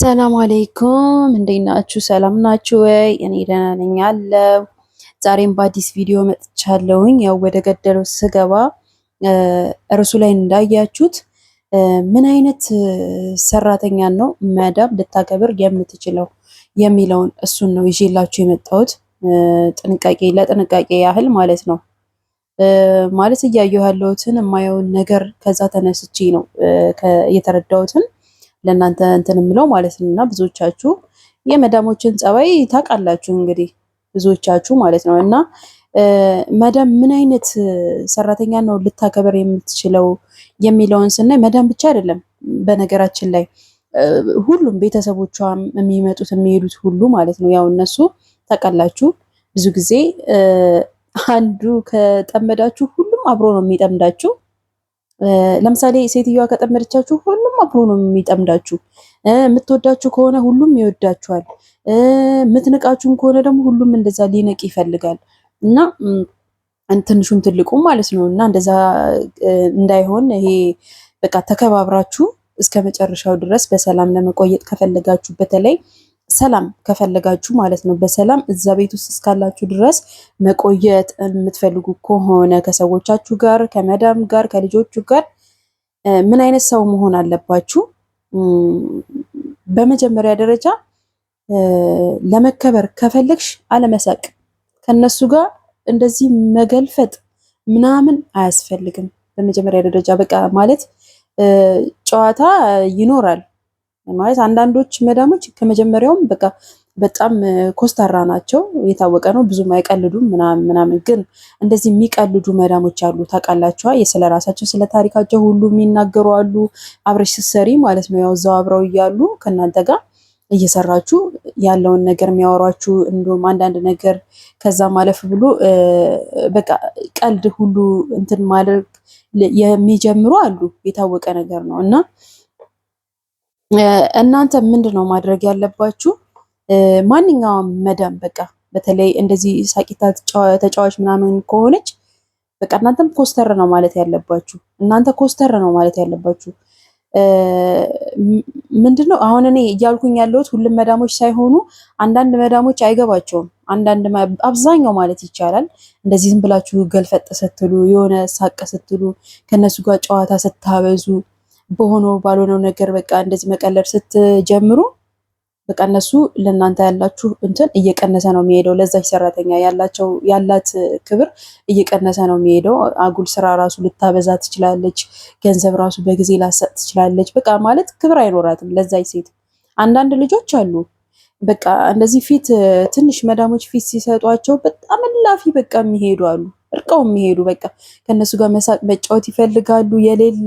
ሰላም አለይኩም እንዴት ናችሁ? ሰላም ናችሁ ወይ? እኔ ደህና ነኝ አለው። ዛሬም በአዲስ ቪዲዮ መጥቻለሁኝ። ያው ወደ ገደለው ስገባ እርሱ ላይ እንዳያችሁት ምን አይነት ሰራተኛ ነው መዳም ልታከብር የምትችለው የሚለውን እሱን ነው ይዤላችሁ የመጣሁት። ጥንቃቄ ለጥንቃቄ ያህል ማለት ነው ማለት እያየሁ ያለሁትን የማየውን ነገር ከዛ ተነስቼ ነው የተረዳሁትን ለእናንተ እንትን የምለው ማለት ነው። እና ብዙዎቻችሁ የመዳሞችን ጸባይ ታውቃላችሁ እንግዲህ ብዙዎቻችሁ ማለት ነው። እና መዳም ምን አይነት ሰራተኛ ነው ልታከበር የምትችለው የሚለውን ስናይ መዳም ብቻ አይደለም በነገራችን ላይ ሁሉም ቤተሰቦቿም የሚመጡት የሚሄዱት ሁሉ ማለት ነው። ያው እነሱ ታውቃላችሁ ብዙ ጊዜ አንዱ ከጠመዳችሁ ሁሉም አብሮ ነው የሚጠምዳችሁ። ለምሳሌ ሴትዮዋ ከጠመደቻችሁ ሁሉም አብሮ ነው የሚጠምዳችሁ። የምትወዳችሁ ከሆነ ሁሉም ይወዳችኋል። የምትንቃችሁም ከሆነ ደግሞ ሁሉም እንደዛ ሊነቅ ይፈልጋል እና ትንሹም ትልቁም ማለት ነው እና እንደዛ እንዳይሆን ይሄ በቃ ተከባብራችሁ እስከ መጨረሻው ድረስ በሰላም ለመቆየት ከፈለጋችሁ በተለይ ሰላም ከፈለጋችሁ ማለት ነው በሰላም እዛ ቤት ውስጥ እስካላችሁ ድረስ መቆየት የምትፈልጉ ከሆነ ከሰዎቻችሁ ጋር፣ ከመዳም ጋር፣ ከልጆቹ ጋር ምን አይነት ሰው መሆን አለባችሁ? በመጀመሪያ ደረጃ ለመከበር ከፈለግሽ አለመሳቅ፣ ከነሱ ጋር እንደዚህ መገልፈጥ ምናምን አያስፈልግም። በመጀመሪያ ደረጃ በቃ ማለት ጨዋታ ይኖራል ማለት አንዳንዶች መዳሞች ከመጀመሪያውም በቃ በጣም ኮስታራ ናቸው፣ የታወቀ ነው። ብዙም አይቀልዱም ምናምን ግን እንደዚህ የሚቀልዱ መዳሞች አሉ ታውቃላችኋ። የስለ ራሳቸው ስለ ታሪካቸው ሁሉ የሚናገሩ አሉ። አብረሽ ስትሰሪ ማለት ነው ያው እዛው አብረው እያሉ ከእናንተ ጋር እየሰራችሁ ያለውን ነገር የሚያወሯችሁ እንዲሁም አንዳንድ ነገር ከዛ ማለፍ ብሎ በቃ ቀልድ ሁሉ እንትን ማድረግ የሚጀምሩ አሉ። የታወቀ ነገር ነው እና እናንተ ምንድን ነው ማድረግ ያለባችሁ? ማንኛውም መዳም በቃ በተለይ እንደዚህ ሳቂታ ተጫዋች ምናምን ከሆነች በቃ እናንተም ኮስተር ነው ማለት ያለባችሁ። እናንተ ኮስተር ነው ማለት ያለባችሁ። ምንድን ነው አሁን እኔ እያልኩኝ ያለሁት ሁሉም መዳሞች ሳይሆኑ አንዳንድ መዳሞች አይገባቸውም። አንዳንድ አብዛኛው ማለት ይቻላል እንደዚህ ዝም ብላችሁ ገልፈጥ ስትሉ የሆነ ሳቅ ስትሉ ከእነሱ ጋር ጨዋታ ስታበዙ በሆነው ባልሆነው ነገር በቃ እንደዚህ መቀለድ ስትጀምሩ በቃ እነሱ ለእናንተ ያላችሁ እንትን እየቀነሰ ነው የሚሄደው። ለዛች ሰራተኛ ያላቸው ያላት ክብር እየቀነሰ ነው የሚሄደው። አጉል ስራ ራሱ ልታበዛ ትችላለች። ገንዘብ ራሱ በጊዜ ላሰጥ ትችላለች። በቃ ማለት ክብር አይኖራትም ለዛች ሴት። አንዳንድ ልጆች አሉ በቃ እንደዚህ ፊት ትንሽ መዳሞች ፊት ሲሰጧቸው በጣም ላፊ በቃ የሚሄዱ አሉ፣ እርቀው የሚሄዱ በቃ ከእነሱ ጋር መሳቅ መጫወት ይፈልጋሉ የሌለ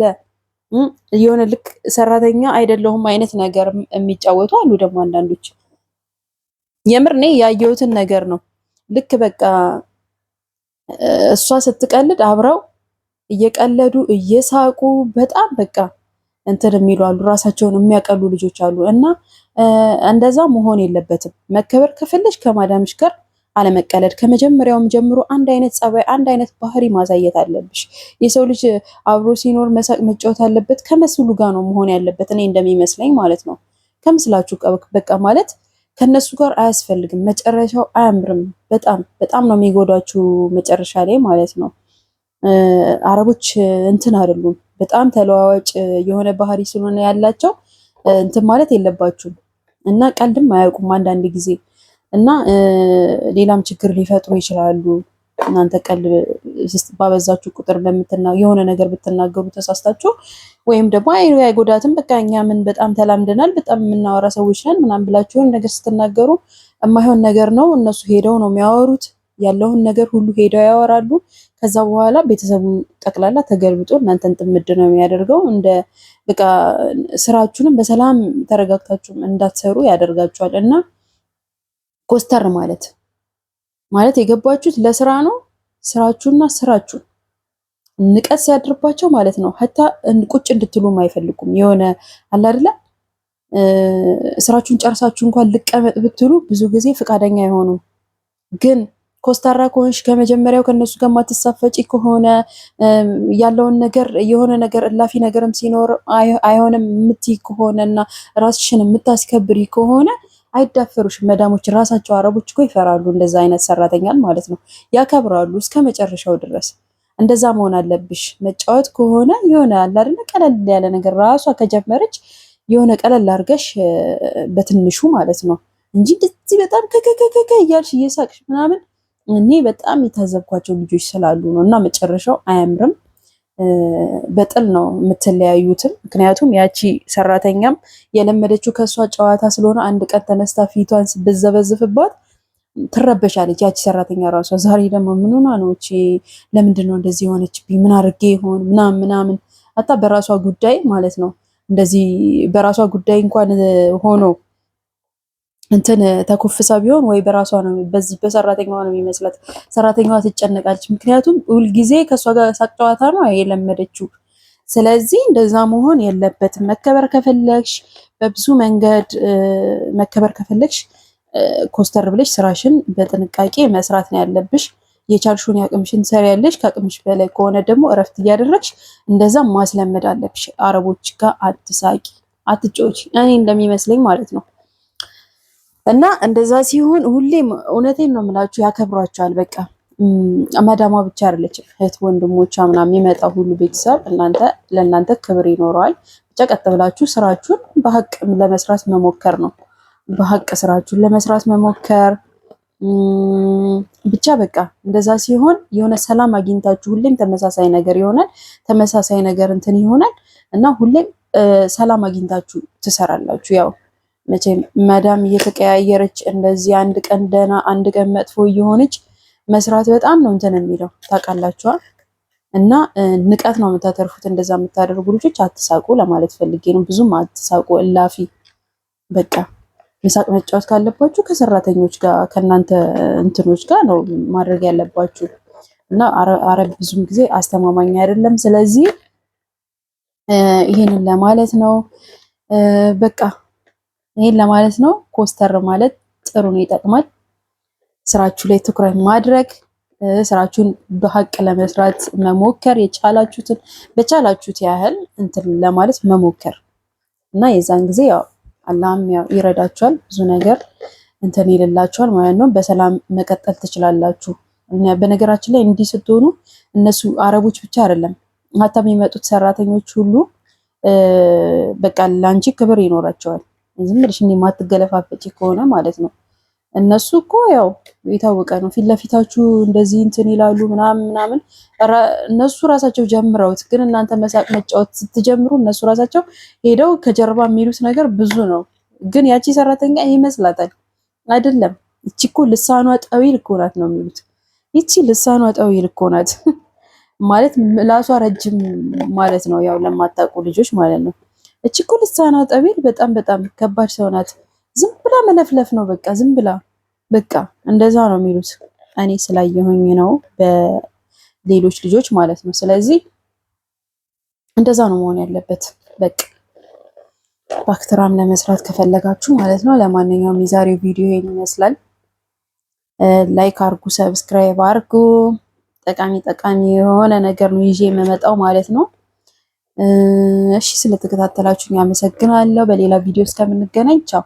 የሆነ ልክ ሰራተኛ አይደለሁም አይነት ነገር የሚጫወቱ አሉ። ደግሞ አንዳንዶች የምር እኔ ያየሁትን ነገር ነው። ልክ በቃ እሷ ስትቀልድ አብረው እየቀለዱ እየሳቁ በጣም በቃ እንትን የሚሉ አሉ። ራሳቸውን የሚያቀሉ ልጆች አሉ። እና እንደዛ መሆን የለበትም። መከበር ከፈለሽ ከማዳምሽ ጋር አለመቀለድ ከመጀመሪያውም ጀምሮ አንድ አይነት ጸባይ፣ አንድ አይነት ባህሪ ማሳየት አለብሽ። የሰው ልጅ አብሮ ሲኖር መሳቅ መጫወት አለበት። ከመስሉ ጋር ነው መሆን ያለበት፣ እኔ እንደሚመስለኝ ማለት ነው። ከምስላችሁ በቃ ማለት ከነሱ ጋር አያስፈልግም። መጨረሻው አያምርም። በጣም በጣም ነው የሚጎዳችሁ መጨረሻ ላይ ማለት ነው። አረቦች እንትን አይደሉም። በጣም ተለዋዋጭ የሆነ ባህሪ ስለሆነ ያላቸው እንትን ማለት የለባችሁም እና ቀልድም አያውቁም አንዳንድ ጊዜ እና ሌላም ችግር ሊፈጥሩ ይችላሉ። እናንተ ቀልድ ባበዛችሁ ቁጥር የሆነ ነገር ብትናገሩ ተሳስታችሁ ወይም ደግሞ አይ አይጎዳትም፣ በቃ እኛ ምን በጣም ተላምደናል፣ በጣም የምናወራ ሰዎች ነን ምናምን ብላችሁ ነገር ስትናገሩ የማይሆን ነገር ነው። እነሱ ሄደው ነው የሚያወሩት፣ ያለውን ነገር ሁሉ ሄደው ያወራሉ። ከዛ በኋላ ቤተሰቡ ጠቅላላ ተገልብጦ እናንተን ጥምድ ነው የሚያደርገው። እንደ በቃ ስራችሁንም በሰላም ተረጋግታችሁም እንዳትሰሩ ያደርጋችኋል እና ኮስተር ማለት ማለት የገባችሁት ለስራ ነው። ስራችሁና ስራችሁ ንቀት ሲያድርባቸው ማለት ነው ሀታ ቁጭ እንድትሉም አይፈልጉም። የሆነ አለ አይደለ ስራችሁን ጨርሳችሁ እንኳን ልቀመጥ ብትሉ ብዙ ጊዜ ፈቃደኛ አይሆኑም። ግን ኮስታራ ከሆንሽ ከመጀመሪያው ከነሱ ጋር ማትሳፈጪ ከሆነ ያለውን ነገር የሆነ ነገር እላፊ ነገርም ሲኖር አይሆንም የምትይ ከሆነ እና ራስሽን የምታስከብሪ ከሆነ አይዳፈሩሽም። መዳሞች ራሳቸው አረቦች እኮ ይፈራሉ፣ እንደዛ አይነት ሰራተኛል ማለት ነው። ያከብራሉ እስከ መጨረሻው ድረስ። እንደዛ መሆን አለብሽ። መጫወት ከሆነ የሆነ አለ አይደለ፣ ቀለል ያለ ነገር ራሷ ከጀመረች የሆነ ቀለል አድርገሽ በትንሹ ማለት ነው እንጂ እንደዚህ በጣም ከከከከከ እያልሽ እየሳቅሽ ምናምን እኔ በጣም የታዘብኳቸው ልጆች ስላሉ ነው። እና መጨረሻው አያምርም። በጥል ነው የምትለያዩትም። ምክንያቱም ያቺ ሰራተኛም የለመደችው ከእሷ ጨዋታ ስለሆነ አንድ ቀን ተነስታ ፊቷን ብዘበዝፍባት ትረበሻለች። ያቺ ሰራተኛ ራሷ ዛሬ ደግሞ ምንና ነው እቺ ለምንድን ነው እንደዚህ የሆነችብኝ? ምን አድርጌ ይሆን ምናምን ምናምን አታ በራሷ ጉዳይ ማለት ነው እንደዚህ በራሷ ጉዳይ እንኳን ሆኖ እንትን ተኮፍሳ ቢሆን ወይ በራሷ ነው በዚህ በሰራተኛ ነው የሚመስላት። ሰራተኛዋ ትጨነቃለች፣ ምክንያቱም ሁልጊዜ ከእሷ ጋር ሳቅ ነው የለመደችው። ስለዚህ እንደዛ መሆን የለበትም። መከበር ከፈለግሽ በብዙ መንገድ መከበር ከፈለግሽ ኮስተር ብለሽ ስራሽን በጥንቃቄ መስራት ነው ያለብሽ። የቻልሽውን ያቅምሽን ያለሽ፣ ከአቅምሽ በላይ ከሆነ ደግሞ እረፍት እያደረግሽ እንደዛ ማስለመድ አለብሽ። አረቦች ጋር አትሳቂ፣ አትጫወቺ። እኔ እንደሚመስለኝ ማለት ነው እና እንደዛ ሲሆን ሁሌም እውነቴን ነው የምላችሁ ያከብሯቸዋል። በቃ መዳማ ብቻ አይደለችም፣ እህት ወንድሞቿ ምናምን የሚመጣ ሁሉ ቤተሰብ እናንተ ለእናንተ ክብር ይኖረዋል። ብቻ ቀጥ ብላችሁ ስራችሁን በሀቅ ለመስራት መሞከር ነው። በሀቅ ስራችሁን ለመስራት መሞከር ብቻ በቃ እንደዛ ሲሆን የሆነ ሰላም አግኝታችሁ ሁሌም ተመሳሳይ ነገር ይሆናል። ተመሳሳይ ነገር እንትን ይሆናል እና ሁሌም ሰላም አግኝታችሁ ትሰራላችሁ ያው መቼም መዳም እየተቀያየረች እንደዚህ አንድ ቀን ደህና አንድ ቀን መጥፎ እየሆነች መስራት በጣም ነው እንትን የሚለው ታውቃላችኋል። እና ንቀት ነው የምታተርፉት እንደዛ የምታደርጉ ልጆች፣ አትሳቁ ለማለት ፈልጌ ነው። ብዙም አትሳቁ እላፊ። በቃ መሳቅ መጫወት ካለባችሁ ከሰራተኞች ጋር ከእናንተ እንትኖች ጋር ነው ማድረግ ያለባችሁ። እና አረብ ብዙም ጊዜ አስተማማኝ አይደለም። ስለዚህ ይህንን ለማለት ነው በቃ ይሄን ለማለት ነው። ኮስተር ማለት ጥሩ ነው፣ ይጠቅማል። ስራችሁ ላይ ትኩረት ማድረግ፣ ስራችሁን በሀቅ ለመስራት መሞከር፣ የቻላችሁትን በቻላችሁት ያህል እንትን ለማለት መሞከር እና የዛን ጊዜ ያው አላህም ያው ይረዳችኋል። ብዙ ነገር እንትን ይልላችኋል ማለት ነው። በሰላም መቀጠል ትችላላችሁ። በነገራችን ላይ እንዲህ ስትሆኑ እነሱ አረቦች ብቻ አይደለም ሀታም የሚመጡት ሰራተኞች ሁሉ በቃ ለአንቺ ክብር ይኖራቸዋል። ዝም ብለሽ እኔ ማትገለፋፈጪ ከሆነ ማለት ነው። እነሱ እኮ ያው የታወቀ ነው። ፊት ለፊታችሁ እንደዚህ እንትን ይላሉ ምናምን ምናምን። እነሱ ራሳቸው ጀምረውት፣ ግን እናንተ መሳቅ መጫወት ስትጀምሩ እነሱ ራሳቸው ሄደው ከጀርባ የሚሉት ነገር ብዙ ነው። ግን ያቺ ሰራተኛ ይመስላታል አይደለም። ይቺ እኮ ልሳኗ ጠዊል እኮ ናት ነው የሚሉት። ይቺ ልሳኗ ጠዊል እኮ ናት ማለት ምላሷ ረጅም ማለት ነው። ያው ለማታውቁ ልጆች ማለት ነው። እቺ እኮ ልሳና ጠቢል በጣም በጣም ከባድ ሰው ናት። ዝም ብላ መለፍለፍ ነው በቃ ዝም ብላ በቃ እንደዛ ነው የሚሉት። እኔ ስላየሁኝ ነው በሌሎች ልጆች ማለት ነው። ስለዚህ እንደዛ ነው መሆን ያለበት በቃ ባክትራም ለመስራት ከፈለጋችሁ ማለት ነው። ለማንኛውም የዛሬው ቪዲዮ ይሄን ይመስላል። ላይክ አርጉ፣ ሰብስክራይብ አርጉ። ጠቃሚ ጠቃሚ የሆነ ነገር ነው ይዤ የምመጣው ማለት ነው። እሺ፣ ስለተከታተላችሁ አመሰግናለሁ። በሌላ ቪዲዮ እስከምንገናኝ ቻው።